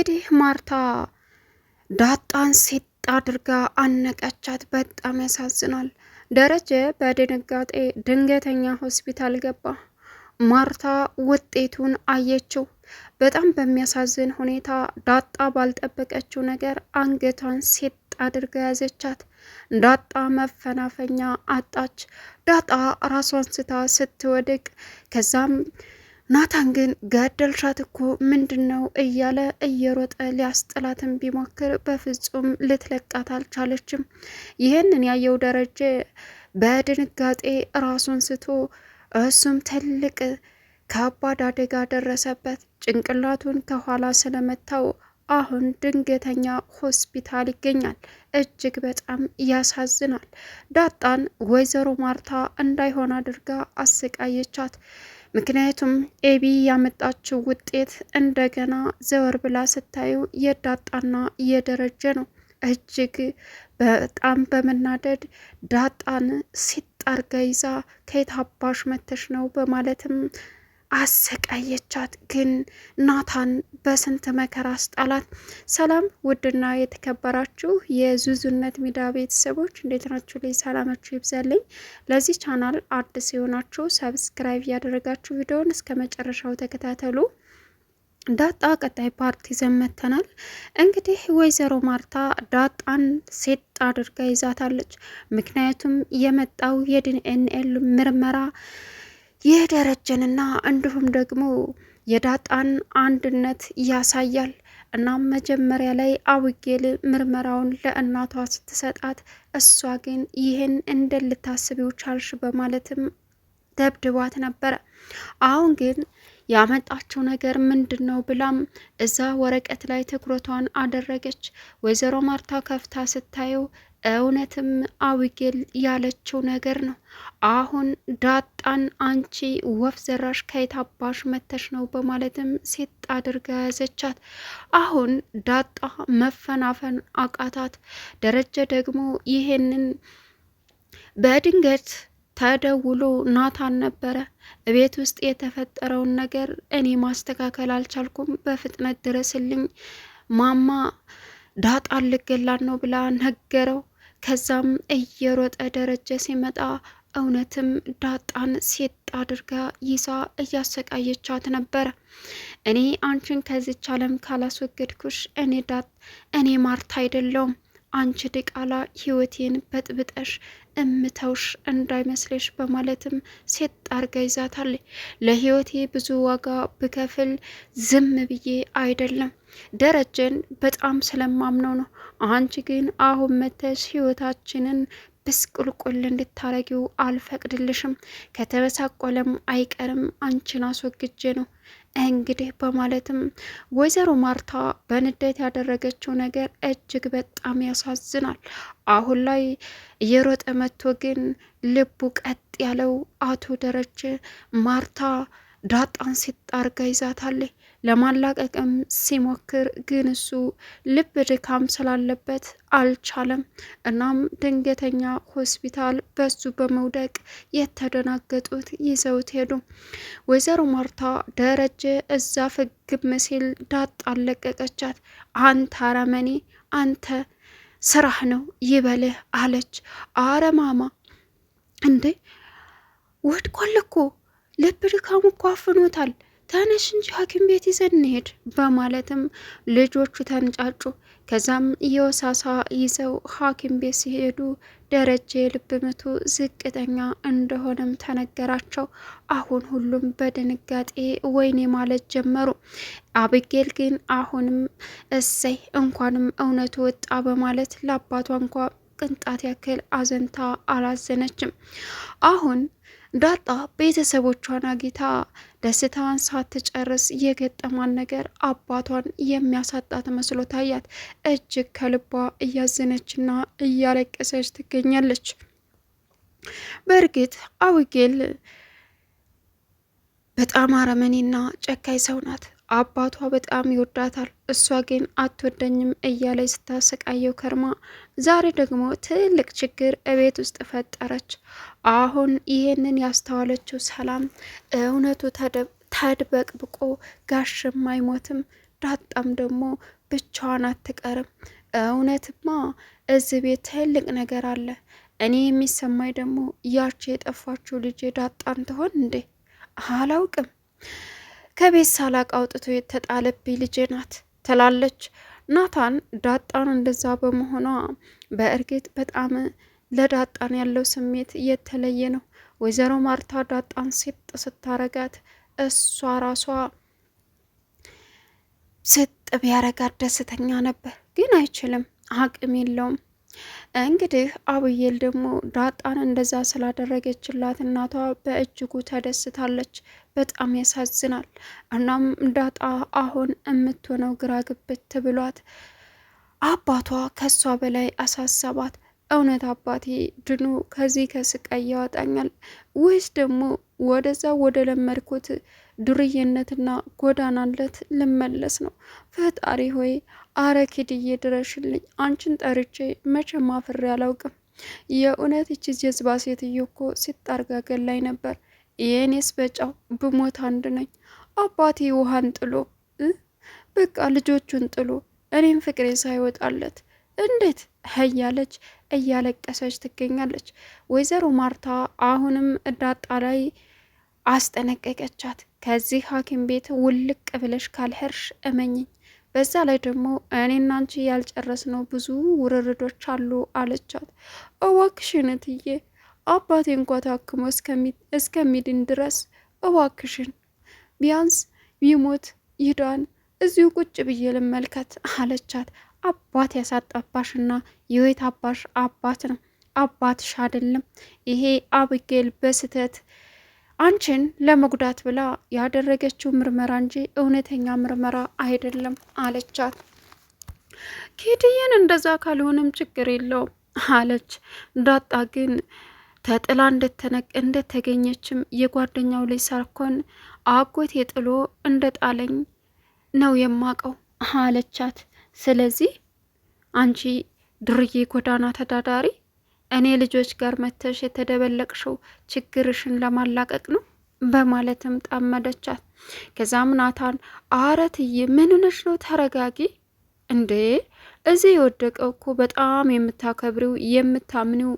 እንግዲህ ማርታ ዳጣን ሴት አድርጋ አነቀቻት። በጣም ያሳዝናል። ደረጀ በድንጋጤ ድንገተኛ ሆስፒታል ገባ። ማርታ ውጤቱን አየችው። በጣም በሚያሳዝን ሁኔታ ዳጣ ባልጠበቀችው ነገር አንገቷን ሴት አድርጋ ያዘቻት። ዳጣ መፈናፈኛ አጣች። ዳጣ ራሷን ስታ ስትወድቅ ከዛም ናታን ግን ገደልሻት እኮ ምንድን ነው እያለ እየሮጠ ሊያስጥላትን ቢሞክር በፍጹም ልትለቃት አልቻለችም። ይህንን ያየው ደረጀ በድንጋጤ ራሱን ስቶ እሱም ትልቅ ከባድ አደጋ ደረሰበት። ጭንቅላቱን ከኋላ ስለመታው አሁን ድንገተኛ ሆስፒታል ይገኛል። እጅግ በጣም ያሳዝናል። ዳጣን ወይዘሮ ማርታ እንዳይሆን አድርጋ አሰቃየቻት። ምክንያቱም ኤቢ ያመጣችው ውጤት እንደገና ዘወር ብላ ስታዩ የዳጣና የደረጀ ነው። እጅግ በጣም በመናደድ ዳጣን ሲጣርጋ ይዛ ከየት አባሽ መተሽ ነው በማለትም አሰቃየቻት። ግን ናታን በስንት መከራ አስጣላት። ሰላም ውድና የተከበራችሁ የዙዙነት ሚዲያ ቤተሰቦች እንዴት ናችሁ? ላይ ሰላማችሁ ይብዛልኝ። ለዚህ ቻናል አዲስ የሆናችሁ ሰብስክራይብ እያደረጋችሁ ቪዲዮን እስከ መጨረሻው ተከታተሉ። ዳጣ ቀጣይ ፓርቲ ዘመተናል። እንግዲህ ወይዘሮ ማርታ ዳጣን ሴት አድርጋ ይዛታለች። ምክንያቱም የመጣው የዲኤንኤል ምርመራ ይህ ደረጀንና እንዲሁም ደግሞ የዳጣን አንድነት ያሳያል። እናም መጀመሪያ ላይ አውጌል ምርመራውን ለእናቷ ስትሰጣት እሷ ግን ይህን እንደ ልታስቢው ቻልሽ በማለትም ደብድቧት ነበረ። አሁን ግን ያመጣችው ነገር ምንድን ነው ብላም እዛ ወረቀት ላይ ትኩረቷን አደረገች። ወይዘሮ ማርታ ከፍታ ስታየው እውነትም አቢጌል ያለችው ነገር ነው። አሁን ዳጣን አንቺ ወፍ ዘራሽ ከየት አባሽ መተሽ ነው በማለትም ሴት አድርጋ ያዘቻት። አሁን ዳጣ መፈናፈን አቃታት። ደረጀ ደግሞ ይሄንን በድንገት ተደውሎ ናታን ነበረ። ቤት ውስጥ የተፈጠረውን ነገር እኔ ማስተካከል አልቻልኩም፣ በፍጥነት ድረስልኝ ማማ ዳጣ ልገላን ነው ብላ ነገረው። ከዛም እየሮጠ ደረጀ ሲመጣ እውነትም ዳጣን ሴት አድርጋ ይዛ እያሰቃየቻት ነበረ። እኔ አንቺን ከዚች ዓለም ካላስወገድኩሽ እኔ ዳት እኔ ማርታ አይደለውም አንቺ ድቃላ ህይወቴን በጥብጠሽ እምተውሽ እንዳይመስልሽ በማለትም ሴት አድርጋ ይዛታል። ለህይወቴ ብዙ ዋጋ ብከፍል ዝም ብዬ አይደለም ደረጀን በጣም ስለማምነው ነው። አንቺ ግን አሁን መተሽ ህይወታችንን ብስቁልቁል እንድታረጊው አልፈቅድልሽም። ከተበሳቆለም አይቀርም አንቺን አስወግጄ ነው እንግዲህ በማለትም ወይዘሮ ማርታ በንዴት ያደረገችው ነገር እጅግ በጣም ያሳዝናል። አሁን ላይ እየሮጠ መጥቶ ግን ልቡ ቀጥ ያለው አቶ ደረጀ ማርታ ዳጣን ሲጣርጋ ይዛታለች። ለማላቀቅም ሲሞክር ግን እሱ ልብ ድካም ስላለበት አልቻለም። እናም ድንገተኛ ሆስፒታል በሱ በመውደቅ የተደናገጡት ይዘውት ሄዱ። ወይዘሮ ማርታ ደረጀ እዛ ፍግም ሲል ዳጣ አለቀቀቻት። አንተ አረመኔ፣ አንተ ስራህ ነው ይበልህ አለች። አረማማ እንዴ ወድቆል እኮ ልብ ድካሙ እኮ አፍኖታል ተነሽ እንጂ ሐኪም ቤት ይዘን እንሄድ በማለትም ልጆቹ ተንጫጩ። ከዛም የወሳሳ ይዘው ሐኪም ቤት ሲሄዱ ደረጀ የልብ ምቱ ዝቅተኛ እንደሆነም ተነገራቸው። አሁን ሁሉም በድንጋጤ ወይኔ ማለት ጀመሩ። አብጌል ግን አሁንም እሰይ እንኳንም እውነቱ ወጣ በማለት ለአባቷ እንኳ ቅንጣት ያክል አዘንታ አላዘነችም። አሁን ዳጣ ቤተሰቦቿን አግኝታ ደስታዋን ሳትጨርስ የገጠማን ነገር አባቷን የሚያሳጣት መስሎ ታያት። እጅግ ከልቧ እያዘነችና እያለቀሰች ትገኛለች። በእርግጥ አውጌል በጣም አረመኔና ጨካኝ ሰው ናት። አባቷ በጣም ይወዳታል፣ እሷ ግን አትወደኝም እያለች ስታሰቃየው ከርማ ዛሬ ደግሞ ትልቅ ችግር እቤት ውስጥ ፈጠረች። አሁን ይሄንን ያስተዋለችው ሰላም እውነቱ ተድበቅብቆ ጋሽም አይሞትም፣ ዳጣም ደግሞ ብቻዋን አትቀርም። እውነትማ እዚህ ቤት ትልቅ ነገር አለ። እኔ የሚሰማኝ ደግሞ ያቺ የጠፋችው ልጄ ዳጣን ትሆን እንዴ? አላውቅም ከቤት ሳላቅ አውጥቶ የተጣለብኝ ልጄ ናት ትላለች። ናታን ዳጣን እንደዛ በመሆኗ በእርግጥ በጣም ለዳጣን ያለው ስሜት እየተለየ ነው። ወይዘሮ ማርታ ዳጣን ሲጥ ስታረጋት እሷ ራሷ ስጥ ቢያረጋት ደስተኛ ነበር፣ ግን አይችልም፣ አቅም የለውም። እንግዲህ አብየል ደግሞ ዳጣን እንደዛ ስላደረገችላት እናቷ በእጅጉ ተደስታለች። በጣም ያሳዝናል። እናም ዳጣ አሁን የምትሆነው ግራ ግብት ብሏት አባቷ ከሷ በላይ አሳሰባት። እውነት አባቴ ድኑ ከዚህ ከስቃይ ያወጣኛል ወይስ ደግሞ ወደዛ ወደ ለመድኩት ዱርዬነትና ጎዳናለት ልመለስ ነው? ፈጣሪ ሆይ አረ ኪድዬ ድረሽልኝ፣ አንቺን ጠርቼ መቼም አፍሬ አላውቅም። የእውነት ይቺ ጀዝባ ሴትዮ እኮ ሲጣርጋ ገላይ ነበር። የእኔስ በጫው ብሞት አንድ ነኝ። አባቴ ውሃን ጥሎ በቃ ልጆቹን ጥሎ እኔም ፍቅሬ ሳይወጣለት እንዴት እያለች እያለቀሰች ትገኛለች። ወይዘሮ ማርታ አሁንም እዳጣ ላይ አስጠነቀቀቻት። ከዚህ ሐኪም ቤት ውልቅ ብለሽ ካልሄርሽ እመኝኝ በዛ ላይ ደግሞ እኔ ያልጨረስ ያልጨረስነው ብዙ ውርርዶች አሉ አለቻት። እባክሽን እትዬ አባቴ እንኳ ታክሞ እስከሚድን ድረስ እዋክሽን ቢያንስ ቢሞት ይዳን እዚሁ ቁጭ ብዬ ልመልከት አለቻት። አባት ያሳጣባሽና የወይት አባሽ አባት ነው አባትሽ አይደለም። ይሄ አብጌል በስተት አንቺን ለመጉዳት ብላ ያደረገችው ምርመራ እንጂ እውነተኛ ምርመራ አይደለም አለቻት። ኬድዬን እንደዛ ካልሆነም ችግር የለውም አለች። ዳጣ ግን ተጥላ እንደተነቅ እንደተገኘችም የጓደኛው ልጅ ሳርኮን አጎቴ ጥሎ እንደ ጣለኝ ነው የማቀው አለቻት። ስለዚህ አንቺ ድርዬ ጎዳና ተዳዳሪ እኔ ልጆች ጋር መተሽ የተደበለቅሽው ችግርሽን ለማላቀቅ ነው በማለትም ጣመደቻት። ከዛም ናታን አረትዬ እትዬ ምን ሆነሽ ነው? ተረጋጊ እንዴ እዚህ የወደቀው እኮ በጣም የምታከብሪው የምታምኒው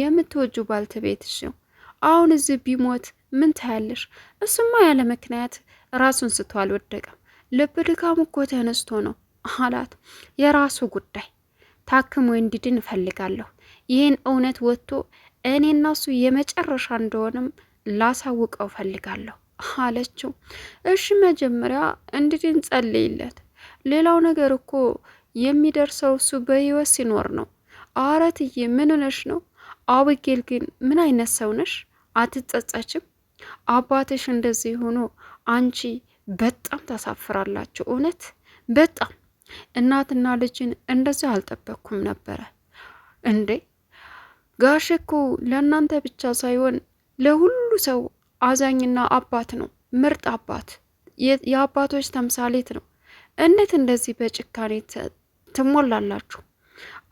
የምትወጁ ባልተቤትሽ ነው። አሁን እዚህ ቢሞት ምን ታያለሽ? እሱማ ያለ ምክንያት ራሱን ስቶ አልወደቀም። ልብ ድካም እኮ ተነስቶ ነው አላት። የራሱ ጉዳይ ታክሞ እንዲድን እፈልጋለሁ። ይህን እውነት ወጥቶ እኔና እሱ የመጨረሻ እንደሆነም ላሳውቀው እፈልጋለሁ አለችው። እሺ መጀመሪያ እንዲድን ጸልይለት። ሌላው ነገር እኮ የሚደርሰው እሱ በህይወት ሲኖር ነው። አረትዬ ምን ነሽ ነው? አብጌል ግን ምን አይነት ሰው ነሽ? አትጸጸችም? አባትሽ እንደዚህ ሆኖ አንቺ በጣም ታሳፍራላችሁ። እውነት በጣም እናትና ልጅን እንደዚህ አልጠበቅኩም ነበረ እንዴ ጋሽ እኮ ለእናንተ ብቻ ሳይሆን ለሁሉ ሰው አዛኝና አባት ነው። ምርጥ አባት፣ የአባቶች ተምሳሌት ነው። እንዴት እንደዚህ በጭካኔ ትሞላላችሁ?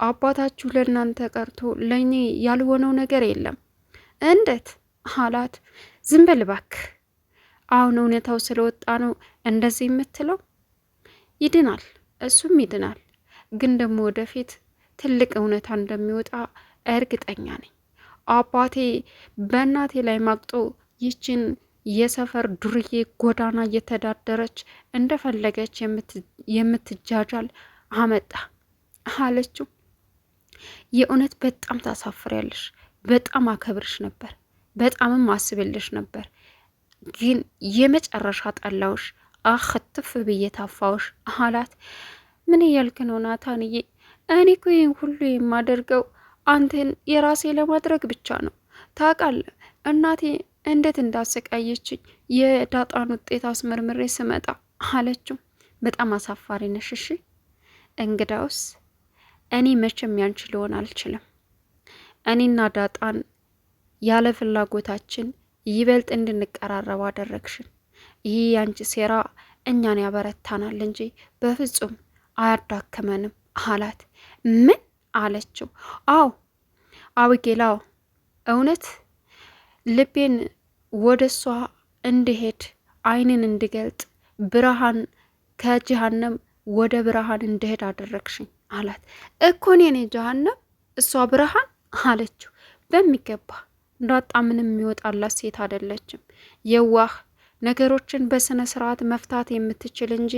አባታችሁ ለእናንተ ቀርቶ ለእኔ ያልሆነው ነገር የለም። እንዴት አላት። ዝም በል እባክህ፣ አሁን እውነታው ስለወጣ ነው እንደዚህ የምትለው። ይድናል እሱም ይድናል። ግን ደግሞ ወደፊት ትልቅ እውነታ እንደሚወጣ እርግጠኛ ነኝ። አባቴ በእናቴ ላይ ማቅጦ ይችን የሰፈር ዱርዬ ጎዳና እየተዳደረች እንደፈለገች የምትጃጃል አመጣ አለችው። የእውነት በጣም ታሳፍሪያለሽ። በጣም አከብርሽ ነበር፣ በጣምም አስብልሽ ነበር። ግን የመጨረሻ ጠላውሽ አክትፍ ብዬ ታፋውሽ አላት። ምን እያልክ ነው ናታንዬ? እኔ እኮ ይህን ሁሉ የማደርገው አንተን የራሴ ለማድረግ ብቻ ነው። ታውቃለህ እናቴ እንዴት እንዳሰቃየችኝ የዳጣን ውጤት አስመርምሬ ስመጣ አለችው። በጣም አሳፋሪ ነሽ። እሺ እንግዳውስ እኔ መቼም ያንቺ ሊሆን አልችልም። እኔና ዳጣን ያለ ፍላጎታችን ይበልጥ እንድንቀራረብ አደረግሽን። ይህ ያንቺ ሴራ እኛን ያበረታናል እንጂ በፍጹም አያዳክመንም አላት። ምን አለችው? አዎ አብጌላው እውነት ልቤን ወደ እሷ እንድሄድ አይንን እንድገልጥ ብርሃን ከጀሃነም ወደ ብርሃን እንድሄድ አደረግሽኝ አላት። እኮ እኔ ነኝ ጀሃነም እሷ ብርሃን አለችው። በሚገባ እንዳጣ ምንም የሚወጣላት ሴት አይደለችም። የዋህ ነገሮችን በስነ ስርዓት መፍታት የምትችል እንጂ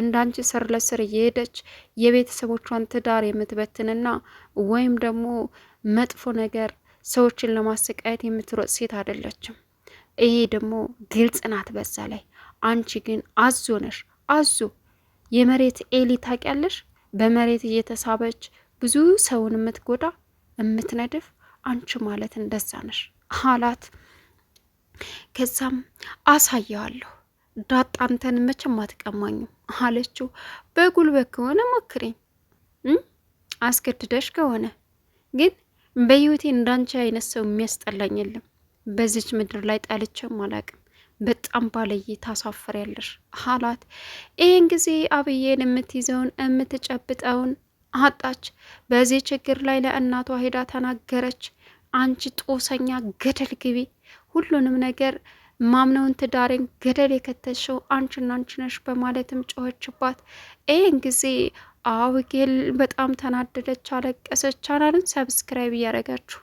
እንዳንቺ ስር ለስር እየሄደች የቤተሰቦቿን ትዳር የምትበትንና ወይም ደግሞ መጥፎ ነገር ሰዎችን ለማሰቃየት የምትሮጥ ሴት አይደለችም። ይሄ ደግሞ ግልጽ ናት። በዛ ላይ አንቺ ግን አዞ ነሽ። አዞ የመሬት ኤሊ ታውቂያለሽ? በመሬት እየተሳበች ብዙ ሰውን የምትጎዳ የምትነድፍ አንቺ ማለት እንደዛ ነሽ አላት። ከዛም አሳየዋለሁ ዳጣ አንተን መቼም አትቀማኝም አለችው። በጉልበት ከሆነ ሞክሬኝ አስገድደሽ ከሆነ ግን በህይወቴ እንዳንቺ አይነት ሰው የሚያስጠላኝ የለም። በዚች ምድር ላይ ጠልቼም አላቅም። በጣም ባለየ ያለሽ አላት። ይህን ጊዜ አብዬን የምትይዘውን የምትጨብጠውን አጣች። በዚህ ችግር ላይ ለእናቷ ሄዳ ተናገረች። አንቺ ጦሰኛ ገደል ግቢ ሁሉንም ነገር ማምነውን ትዳሬን ገደል የከተሽው አንቺና አንቺ ነሽ በማለትም ጮኸችባት። ይህን ጊዜ አውጌል በጣም ተናደደች፣ አለቀሰች። ቻናልን ሰብስክራይብ እያደረጋችሁ